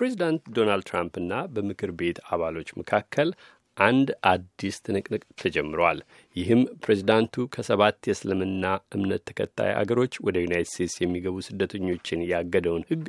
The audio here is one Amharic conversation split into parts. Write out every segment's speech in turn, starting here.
በፕሬዚዳንት ዶናልድ ትራምፕና በምክር ቤት አባሎች መካከል አንድ አዲስ ትንቅንቅ ተጀምረዋል። ይህም ፕሬዚዳንቱ ከሰባት የእስልምና እምነት ተከታይ አገሮች ወደ ዩናይት ስቴትስ የሚገቡ ስደተኞችን ያገደውን ሕግ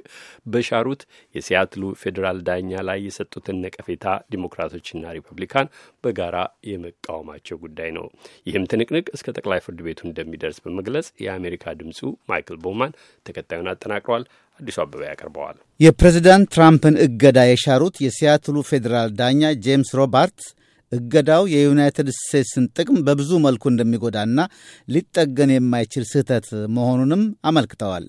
በሻሩት የሲያትሉ ፌዴራል ዳኛ ላይ የሰጡትን ነቀፌታ ዲሞክራቶችና ሪፐብሊካን በጋራ የመቃወማቸው ጉዳይ ነው። ይህም ትንቅንቅ እስከ ጠቅላይ ፍርድ ቤቱ እንደሚደርስ በመግለጽ የአሜሪካ ድምፁ ማይክል ቦማን ተከታዩን አጠናቅሯል። አዲሱ አበባ ያቀርበዋል። የፕሬዚዳንት ትራምፕን እገዳ የሻሩት የሲያትሉ ፌዴራል ዳኛ ጄምስ ሮባርትስ እገዳው የዩናይትድ ስቴትስን ጥቅም በብዙ መልኩ እንደሚጎዳና ሊጠገን የማይችል ስህተት መሆኑንም አመልክተዋል።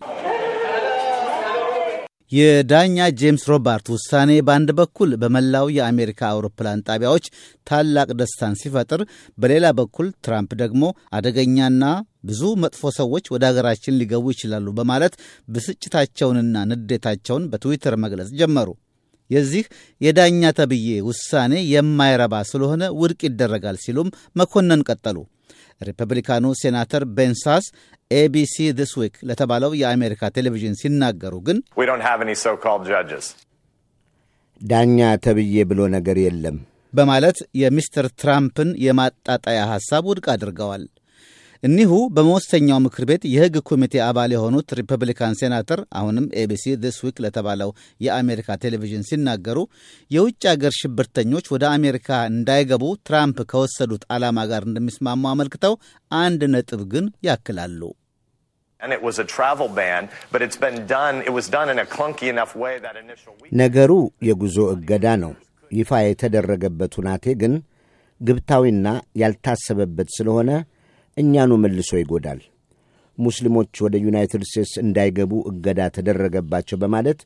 የዳኛ ጄምስ ሮባርት ውሳኔ በአንድ በኩል በመላው የአሜሪካ አውሮፕላን ጣቢያዎች ታላቅ ደስታን ሲፈጥር፣ በሌላ በኩል ትራምፕ ደግሞ አደገኛና ብዙ መጥፎ ሰዎች ወደ አገራችን ሊገቡ ይችላሉ በማለት ብስጭታቸውንና ንዴታቸውን በትዊተር መግለጽ ጀመሩ። የዚህ የዳኛ ተብዬ ውሳኔ የማይረባ ስለሆነ ውድቅ ይደረጋል ሲሉም መኮንን ቀጠሉ። ሪፐብሊካኑ ሴናተር ቤንሳስ ኤቢሲ ዲስ ዊክ ለተባለው የአሜሪካ ቴሌቪዥን ሲናገሩ ግን ዳኛ ተብዬ ብሎ ነገር የለም በማለት የሚስተር ትራምፕን የማጣጣያ ሐሳብ ውድቅ አድርገዋል። እኒሁ በመወሰኛው ምክር ቤት የሕግ ኮሚቴ አባል የሆኑት ሪፐብሊካን ሴናተር አሁንም ኤቢሲ ዲስ ዊክ ለተባለው የአሜሪካ ቴሌቪዥን ሲናገሩ የውጭ አገር ሽብርተኞች ወደ አሜሪካ እንዳይገቡ ትራምፕ ከወሰዱት ዓላማ ጋር እንደሚስማሙ አመልክተው አንድ ነጥብ ግን ያክላሉ። ነገሩ የጉዞ እገዳ ነው። ይፋ የተደረገበት ሁናቴ ግን ግብታዊና ያልታሰበበት ስለሆነ እኛኑ መልሶ ይጎዳል። ሙስሊሞች ወደ ዩናይትድ ስቴትስ እንዳይገቡ እገዳ ተደረገባቸው በማለት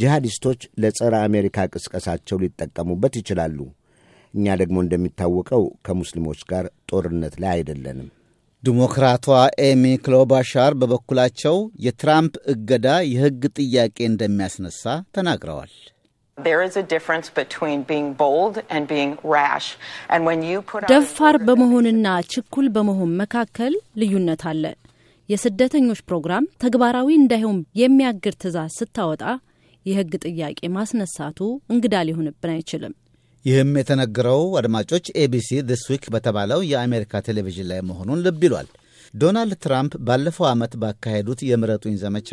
ጂሃዲስቶች ለጸረ አሜሪካ ቅስቀሳቸው ሊጠቀሙበት ይችላሉ። እኛ ደግሞ እንደሚታወቀው ከሙስሊሞች ጋር ጦርነት ላይ አይደለንም። ዲሞክራቷ ኤሚ ክሎባሻር በበኩላቸው የትራምፕ እገዳ የሕግ ጥያቄ እንደሚያስነሳ ተናግረዋል። ደፋር በመሆንና ችኩል በመሆን መካከል ልዩነት አለ። የስደተኞች ፕሮግራም ተግባራዊ እንዳይሆን የሚያግድ ትዕዛዝ ስታወጣ የሕግ ጥያቄ ማስነሳቱ እንግዳ ሊሆንብን አይችልም። ይህም የተነገረው አድማጮች ኤቢሲ ዲስ ዊክ በተባለው የአሜሪካ ቴሌቪዥን ላይ መሆኑን ልብ ይሏል። ዶናልድ ትራምፕ ባለፈው ዓመት ባካሄዱት የምረጡኝ ዘመቻ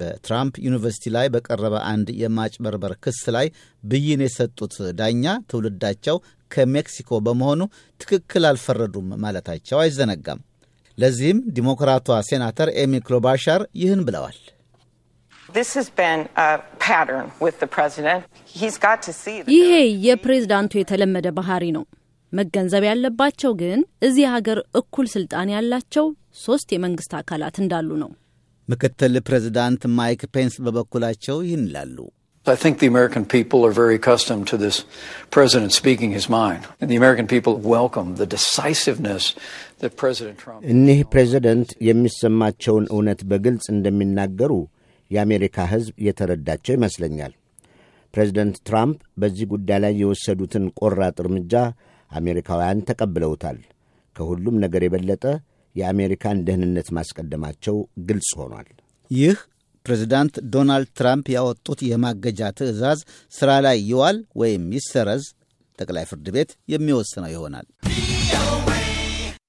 በትራምፕ ዩኒቨርሲቲ ላይ በቀረበ አንድ የማጭበርበር ክስ ላይ ብይን የሰጡት ዳኛ ትውልዳቸው ከሜክሲኮ በመሆኑ ትክክል አልፈረዱም ማለታቸው አይዘነጋም። ለዚህም ዲሞክራቷ ሴናተር ኤሚ ክሎባሻር ይህን ብለዋል። ይሄ የፕሬዝዳንቱ የተለመደ ባህሪ ነው። መገንዘብ ያለባቸው ግን እዚህ ሀገር እኩል ስልጣን ያላቸው ሶስት የመንግስት አካላት እንዳሉ ነው። ምክትል ፕሬዚዳንት ማይክ ፔንስ በበኩላቸው ይህን ይላሉ። እኒህ ፕሬዚደንት የሚሰማቸውን እውነት በግልጽ እንደሚናገሩ የአሜሪካ ሕዝብ የተረዳቸው ይመስለኛል። ፕሬዚደንት ትራምፕ በዚህ ጉዳይ ላይ የወሰዱትን ቆራጥ እርምጃ አሜሪካውያን ተቀብለውታል። ከሁሉም ነገር የበለጠ የአሜሪካን ደህንነት ማስቀደማቸው ግልጽ ሆኗል። ይህ ፕሬዚዳንት ዶናልድ ትራምፕ ያወጡት የማገጃ ትዕዛዝ ስራ ላይ ይዋል ወይም ይሰረዝ ጠቅላይ ፍርድ ቤት የሚወስነው ይሆናል።